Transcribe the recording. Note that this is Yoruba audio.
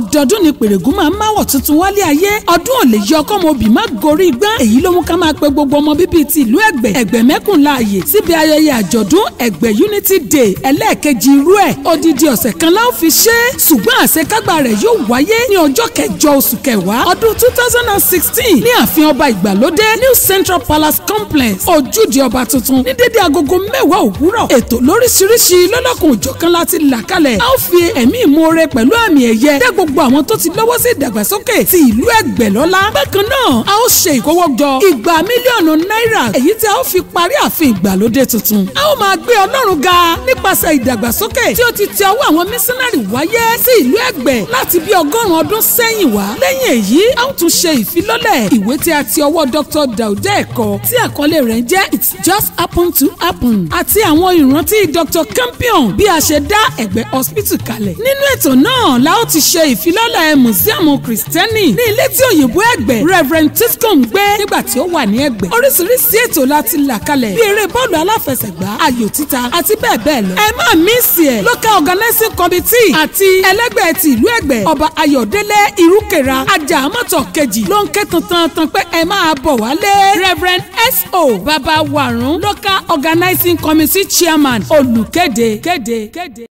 ọdọọdún ni pèrègùn máa ń máwọ̀ tuntun wálé ayé ọdún ò lè yọ ọkọ́mọ òbí má gorí igbá èyí ló mú ká máa pe gbogbo ọmọ bíbí ti ìlú ẹ̀gbẹ́ ẹ̀gbẹ́ mẹ́kùn láàyè síbi ayẹyẹ àjọ̀dún ẹ̀gbẹ́ unity day ẹlẹ́ẹ̀kejì irú ẹ̀ odidi ọ̀sẹ̀ kan la fi ṣe é ṣùgbọ́n àṣekágbá rẹ̀ yóò wáyé ní ọjọ́ kẹjọ oṣù kẹwàá ọdún two thousand and sixteen ní ààfin ọba ìgbàlódé new central palace complex ojúde ọba tuntun ní dédé agogo mẹ́wàá òwúrọ̀ ètò lóríṣiríṣi lọ́lọ́kùn òjọ̀kan láti là kalẹ̀ a fi ẹ̀mí ìmoore pẹ̀lú àmì ẹ̀yẹ dẹ́gbọ gbogbo àwọn tó ti lọ́wọ́ sí ìdàgbàsókè ti ìlú ẹgbẹ̀lọ́lá bákan náà a ó ṣe ìkówójọ igba mílíọ̀nù náírà èyí tí a ó fi parí ààfin ìgbàlódé tuntun a ó máa gbé ọlọ́run ga nípasẹ̀ ìdàgbàsókè tí ó ti ti ọwọ́ àwọn mísínárì wáyé sí ìlú ẹgbẹ̀ láti bí ọgọ́rùn-ún ọdún sẹ́yìn wá lẹ́yìn èyí a ó tún ṣe ìfilọ́lẹ̀ ìwé tí a ti ọwọ́ Dr. Daude ẹ̀kọ́ tí àkọlé rẹ̀ ń jẹ́ it just happen to happen àti àwọn ìrántí Dr. Campion bí a ṣe dá ẹgbẹ́ hospital kalẹ̀ nínú ètò náà la ó ti ṣe ìfilọ́lẹ̀ mùsíọ̀mù kìrìsìtẹ́nì ní ilé tí òyìnbó ẹ̀gbẹ́ reverend tiscom gbé nígbà tí ó wà ní ẹ̀gbẹ́ oríṣiríṣi ètò láti là kalẹ̀ bí eré bọ́ọ̀lù aláfẹsẹ̀gbá ayò títa àti bẹ́ẹ̀ bẹ́ẹ̀ lọ. ẹ má mísì ẹ̀ local organizing committee àti ẹlẹ́gbẹ́ ti ìlú ẹ̀gbẹ́ ọba irukera ìrúkẹ̀ra ajáàmọ̀tọ̀ kejì ló ń ké tantan tan pé ẹ máa bọ̀ wálé reverend S.O. baba warun local organizing committee chairman olùkéde kéde kéde.